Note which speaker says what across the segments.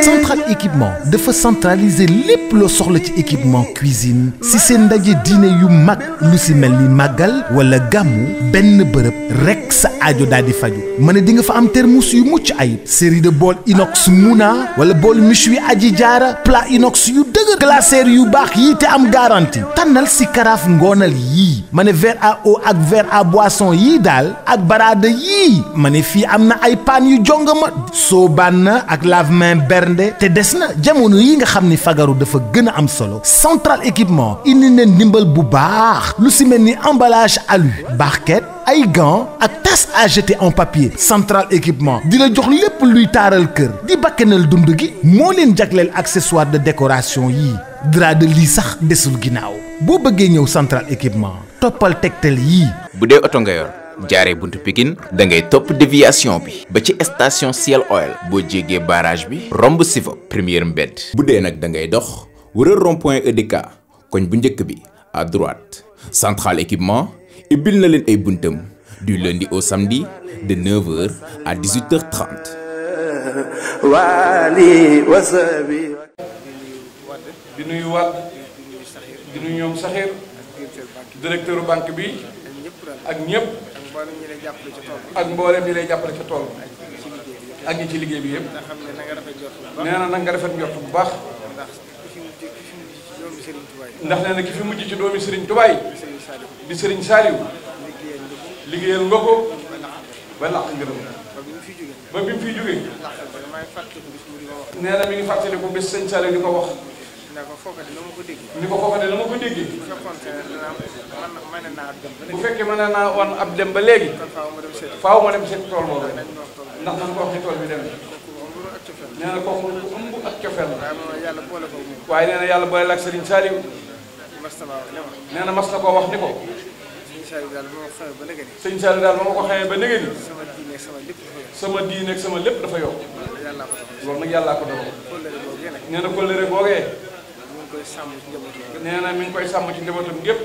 Speaker 1: central équipement dafa centraliser lépp loo soxla ci équipement cuisine si seen ndaje diine yu mag lu si mel ni màggal wala gàmmu benn bërëb rek sa aajo daal di faju ma ne di nga fa am termus yu mucc ayib série de bool inox muna wala bool wi aji jaara plat inox yu dëgër glacière yu baax yii te am garantie tànnal si karaaf ngoonal yii ma ne verre à eau ak verre à boisson yii daal ak baraada yii ma ne fii am na ay paan yu jongama soobaan na ak lave-main bernde te des na jamono yi nga xam ni fagaru dafa gën a am solo central équipement indi na ndimbal bu baax lu si mel ni emballage alu barquette ay gants ak tasse à jeter en papier central équipement di la jox lépp luy taaral kër di bakkanal dund gi moo leen jagleel accessoire de décoration yi drap de lit sax desul ginnaaw boo bëggee ñëw central équipement toppal tegtal yii. bu dee oto nga yor. jaaree buntu pikin dangay ngay topp déviation bi ba ci station Ciel Oil boo jéggee barrage bi romb Sivop première mbedd bu dee nag da ngay dox wëral rond-point EDK koñ bu njëkk bi à droite central équipement ibbil ay buntam du lundi waali wasabi di nuyu waat
Speaker 2: di nuyu ñoom saxir bi mboolem ñi lay jàppale ci tool ak mboolem ñi lay jàppale ci tool ak ñi ci liggéey bi yëpp. nee na nag nga rafet njort bu baax. ndax nee na ki fi mujj ci doomi Serigne Touba yi. di Serigne Saliou. liggéeyal nga ko. ba làq ngërëm. ba bi mu fiy jógee. nee na mi ngi fàttaliku bés Serigne Saliou di ko wax. ndax foofa de la ma ko dégg. ni ko foofa de la ma ko dégg. bu fekkoon mën naa ab dem ba léegi. bu naa wan ab dem ba léegi. kon faaw ma dem seet. faaw ma dem seet tool boobu. ndax nañ ko wax ni tool bi demee. nee na kooku ëmb ak cofeel la. waaye nee na yàlla boole la ak Serigne Saliou. nee na mas na koo wax ni ko. sëñ Saliou daal ba ma ko xamee ba nëgë ni sama diine ak sama lépp dafa yokk loolu nag yàllaa ko dogal nee na kóllëre googee koy sàmm ci njabootam nee na mi ngi koy sàmm ci njabootam gépp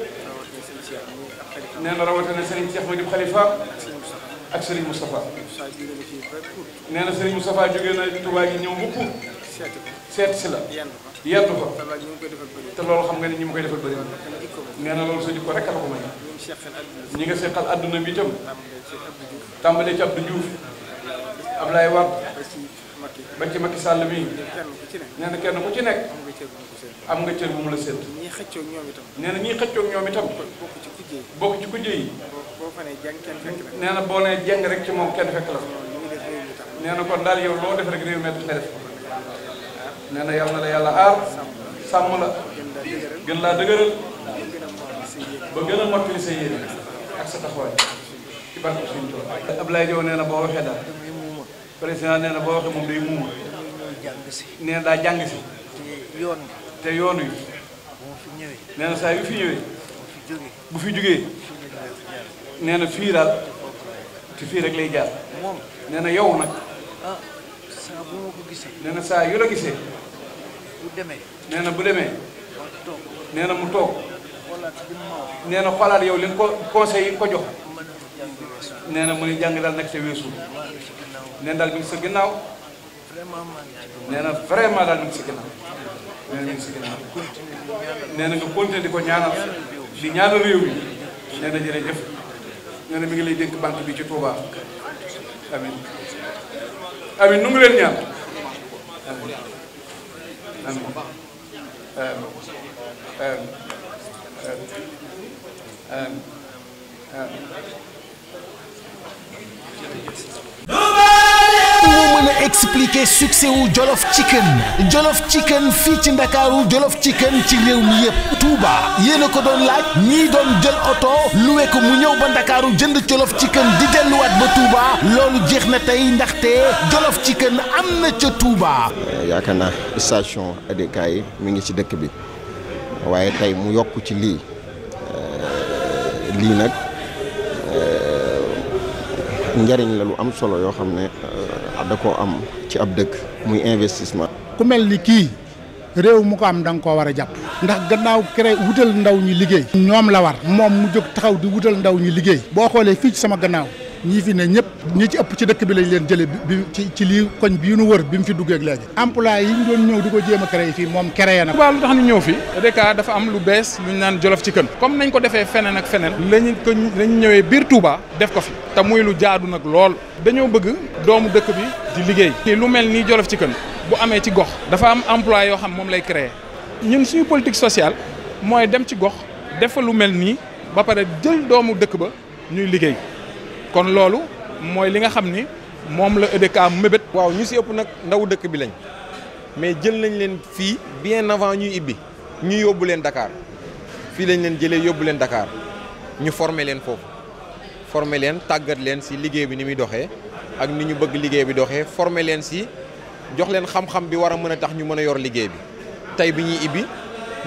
Speaker 2: nee na rawatina Serigne Cheikh Madi Khalifa ak Serigne Moustapha nee na Serigne Moustapha jógee na Touba gi ñëw bu Pout seet si la yan yendu ko te loolu xam nga ni ñi mu koy defal bëri nee na loolu sa jikko rek la ko may ñi nga seqal àdduna bi itam tàmbalee ci Abdou Diouf Ablaye Wade ba ci ma Sall bi nee na kenn ku ci nekk am nga cër bu mu la sédd. ñii xëccoog ñoom itam. nee na ñii xëccoog ñoom itam. bokk ci kujje yi. bokk ci kujje yi. boo fa nee na boo nee jeng rek ci moom kenn fekk la. nee na kon daal yow loo def rek réew mi tax def. nee na yàlla na la yàlla aar. sàmm la. gën laa dëgëral. ba gën a mottali sa yéene ak sa taxawaay. ci barke suñu tool. Ablaye Diop nee na boo waxee daal. président nee na boo waxee moom day muuma. nee na daa jàng si. yoon te yoon wi nee saa yu fi ñëwee bu fi jógee nee na fii daal te fii rek lay jaar nee na yow nag nee na saa yu la gisee na bu demee nee na mu toog nee na xoolaat yow li nga ko conseil yi nga ko jox nee na mu ne jàng daal nag te weesu nee daal bi sa ginnaaw. nee na vraiment daal ñu ngi si ginnaaw ngi si ginnaaw nee na nga continuer di ko ñaanal di ñaanal réew mi nee na jërëjëf nee mi ngi lay dénk banque bi ci Touba amin amin nu ngi ñaan amin amin amin
Speaker 1: amin expliquer succès wu Jolof Chicken Jolof Chicken fii ci Ndakaaru Jolof Chicken ci réew mi yëpp Touba yéen ko doon laaj ñii doon jël oto luwe wekk mu ñëw ba Ndakaaru jënd Jolof Chicken di delluwaat ba Touba loolu jeex na tey ndaxte Jolof Chicken am na ca Touba. Eh, yaakaar naa station ADK yi ngi ci dëkk bi waaye tey mu yokk ci lii eh, lii nag eh, njariñ la lu am solo yoo xam ne. da koo am ci ab dëkk muy investissement. ku mel ni kii réew mu ko am da nga koo war a jàpp. ndax gannaaw créé wutal ndaw ñi liggéey. ñoom la war moom mu jóg taxaw di wutal ndaw ñi liggéey. boo xoolee fii ci sama gannaaw. ñi fi ne ñëpp ñii ci ëpp ci dëkk bi lañ leen jële bi ci ci lii koñ bi nu wër bi mu fi duggeek ak léegi yi ñu doon ñëw di ko jéem a créé fii moom créé na Touba
Speaker 2: lu tax ñu ñëw fi Deka dafa am lu bees lu ñu naan jolof ci kën comme nañ ko defee feneen ak feneen lañu ko lañu ñëwee biir Touba def ko fi te muy lu jaadu nag lool dañoo bëgg doomu dëkk bi di liggéey te lu mel nii jolof ci kën bu amee ci gox dafa am emploi yoo xam moom lay créé ñun suñu politique sociale mooy dem ci gox defa lu mel nii ba pare jël doomu dëkk ba ñuy liggéey kon loolu mooy li nga xam ni moom la EDK mébét. waaw ñu si ëpp nag ndaw dëkk bi lañ mais jël nañ leen fii bien avant ñuy ibbi ñu yóbbu leen Dakar fii lañ leen jëlee yóbbu leen Dakar ñu former leen foofu former leen tàggat leen si liggéey bi ni muy doxee ak ni ñu bëgg
Speaker 1: liggéey bi doxee former leen si jox leen xam-xam bi war a mën a tax ñu mën a yor liggéey bi tey bi ñuy ibbi.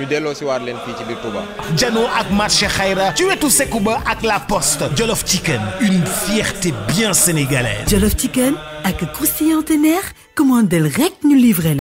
Speaker 1: ñu delloo si waat leen fii ci biir Touba. janoo ak marché xayra ci wetu ba ak la poste Jolof Chicken une fierté bien sénégalaise Jolof Chicken ak croustillant teneer commandel rek ñu livré